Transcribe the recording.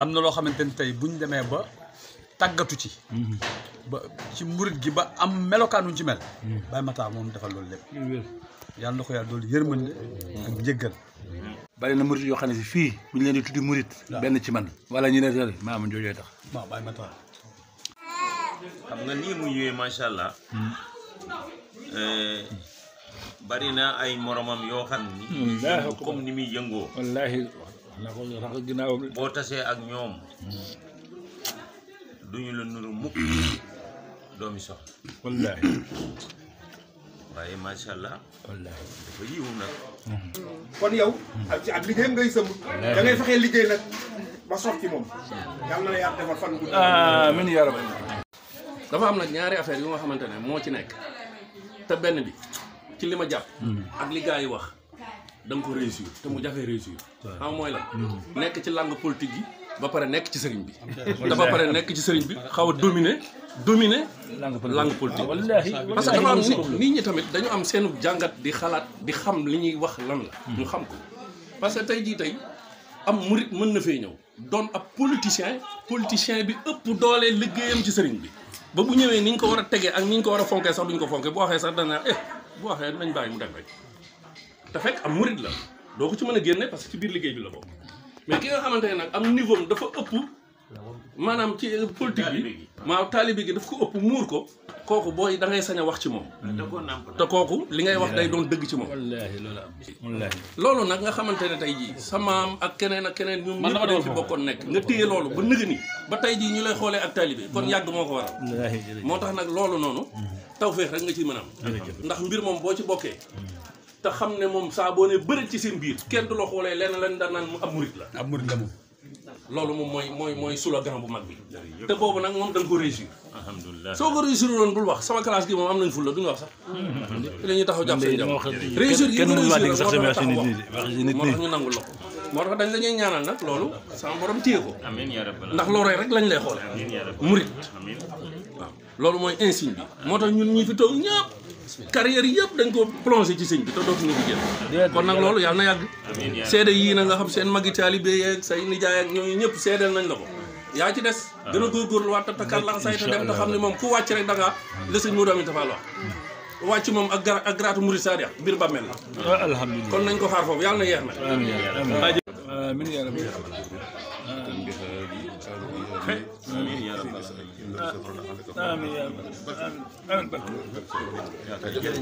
am na loo xamante ni tey bu ñu demee ba tàggatu ci. Mhm. ba ci murit gi ba am melokaanu ci mel. Mhm. Baye Matar moom defal loolu lépp. yàlla na ko yàlla loolu yërmande ak njëggal. bari na murit yoo xam ne si fii bu leen di tuddi murit. benn ci man wala ñu ne teel maam joojooy tax. waaw Baye Matar. xam hmm. eh, na ay moromam yoo xam ni. Hmm. muy yëngoo. na ko na boo tasee ak ñoom duñu la nuru mukk doomi soxla waaye macha allah. wallaahi dafa yiwu nag. kon yow. ak ci ak liggéeyam ngay sëmb. da ngay liggéey nag ba sof ci moom. yàlla na dafa am nag ñaari affaire yu nga xamante ne moo ci nekk te benn bi ci li ma jàpp. Hmm. ak li wax. da nga ko réussir te mu jafe réussir. xam mooy la. Mm-hmm. nekk ci langue politique yi ba pare nekk ci sëriñ bi. dafa pare nekk ci sëriñ bi xaw a dominer dominer. langue politique ah, parce que dafa am nit ñi tamit dañu am seenu jàngat di xalaat di xam li ñuy wax lan la. Mm. ñu xam ko parce que tey jii tey am murit mën na fee ñëw. doon ab politicien politicien bi ëpp doole liggéeyam ci sëriñ bi ba bu ñëwee ni ñu ko war a tegee ak ni ñu ko war a fonkee sax duñ ko fonkee bu waxee sax dana eh bu waxee nañ mu dem rek. te fekk am murit la doo ko ci mën a génne parce que ci biir liggéey bi la bokk mais ki nga xamante ne nag am niveau dafa ëpp maanaam ci politique bi maanaam taalibe gi daf ko ëpp muur ko kooku booy da ngay sañ wax ci moom mm-hmm. te kooku li ngay wax day doon dëgg ci moom loolu nag nga xamante ne tey jii sa maam ak keneen ak keneen ñoom ñëpp dañ fi bokkoon nekk nga téye loolu ba nëga ni ba tey jii ñu lay xoolee ak taalibe kon mm-hmm. yàgg moo ko waral moo tax nag loolu noonu mm-hmm. tawfeex rek nga ciy mën a ndax mbir moom boo ci bokkee te xamne mom sa saa beure ci seen biir kenn du la xolé lenn lan da nan am mourid la am mourid la mom lolu mom moy moy moy sulo grand bu mag bi te bobu nak mom dang ko réussir alhamdullah so ko réussir won bul wax sama classe gi mom am nañ ful la duñu wax sax la ñuy taxaw jàpp seen jàpp réussir yi nit réussir mo tax ñu nangul loxo mo tax dañ lañuy ñaanal nak lolu sama borom téye ko amin ya rabbal ndax lo roy rek lañ lay xoole mourid amin ya lolu moy insigne bi mo tax ñun ñi fi tok ñepp carrière yëpp dañ ko plongé ci sëñ bi te dootuñu ko jël kon nag loolu yàlla na yàgg seede yii na nga xam seen magi taalibe yeeg say nijaay ak ñooñu ñëpp seedeel nañ la ko yaa ci des gën a góorgóorlu waat te takkaat la say te dem te xam ne moom ku wàcc rek da ngaa la sëñ Modou Amin Tafal wàcc moom ak gar ak garaatu Mouride bàmmeel la kon nañ ko xaar foofu yàlla na yeex na آمين يا رب آمين يا رب آمين يا رب آمين